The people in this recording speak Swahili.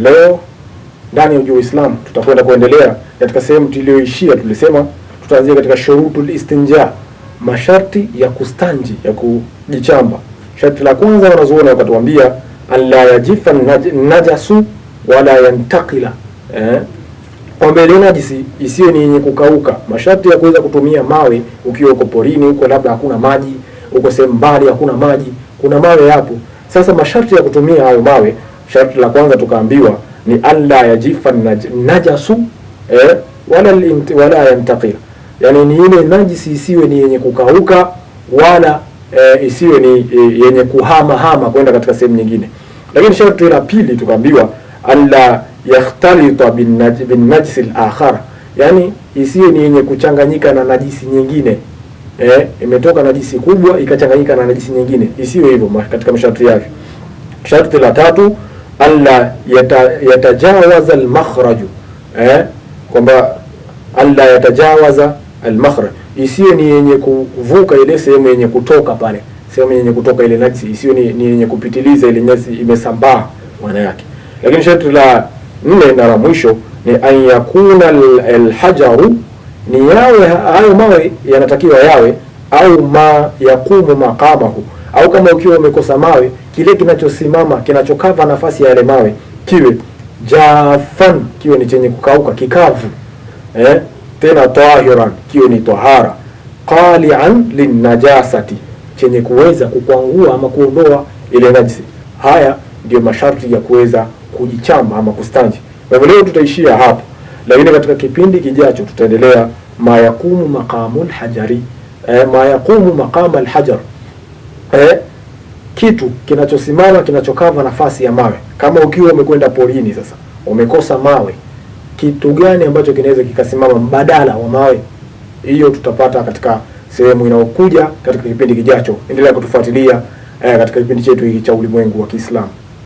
Leo ndani ya Ujio wa Uislamu tutakwenda kuendelea katika sehemu tuliyoishia. Tulisema tutaanzia katika shurutul istinja, masharti ya kustanji ya kujichamba. Sharti la kwanza wanazuoni wakatuambia alla yajifa najasu wala yantakila eh? kwa Pombe najisi isiwe ni yenye kukauka. Masharti ya kuweza kutumia mawe ukiwa uko porini huko, labda hakuna maji, uko sehemu mbali hakuna maji, kuna mawe hapo. Sasa masharti ya kutumia hayo mawe, sharti la kwanza tukaambiwa ni alla yajifa najasu eh, wala wala yantaqil, yani ni ile najisi isiwe ni yenye kukauka wala eh, isiwe ni eh, yenye kuhama hama kwenda katika sehemu nyingine. Lakini sharti la pili tukaambiwa alla yakhtalita binnajisi al-akhar, yani isiwe ni yenye kuchanganyika na najisi nyingine. Eh, imetoka najisi kubwa ikachanganyika na najisi nyingine, isiwe hivyo katika masharti yake. Sharti la tatu alla yata, yatajawaza al-makhraju eh, kwamba alla yatajawaza al-makhraj, ni yenye kuvuka ile sehemu yenye kutoka pale, sehemu yenye kutoka ile najisi, isiwe ni, ni yenye kupitiliza ile najisi imesambaa maana yake, lakini sharti la nne na la mwisho ni an yakuna alhajaru, ni yawe hayo mawe yanatakiwa yawe au ma yakumu maqamahu, au kama ukiwa umekosa mawe, kile kinachosimama kinachokava nafasi ya yale mawe kiwe jafan, kiwe ni chenye kukauka kikavu, eh, tena tahiran, kiwe ni tahara, qalian linnajasati, chenye kuweza kukwangua ama kuondoa ile najisi. Haya ndio masharti ya kuweza kujichama ama kustanji. Kwa hivyo leo tutaishia hapo, lakini katika kipindi kijacho tutaendelea mayakumu maqamul hajari e, mayakumu maqama alhajar e, eh, kitu kinachosimama kinachokava nafasi ya mawe. Kama ukiwa umekwenda porini sasa umekosa mawe, kitu gani ambacho kinaweza kikasimama mbadala wa mawe? Hiyo tutapata katika sehemu inayokuja katika kipindi kijacho. Endelea kutufuatilia eh, katika kipindi chetu hiki cha ulimwengu wa Kiislamu.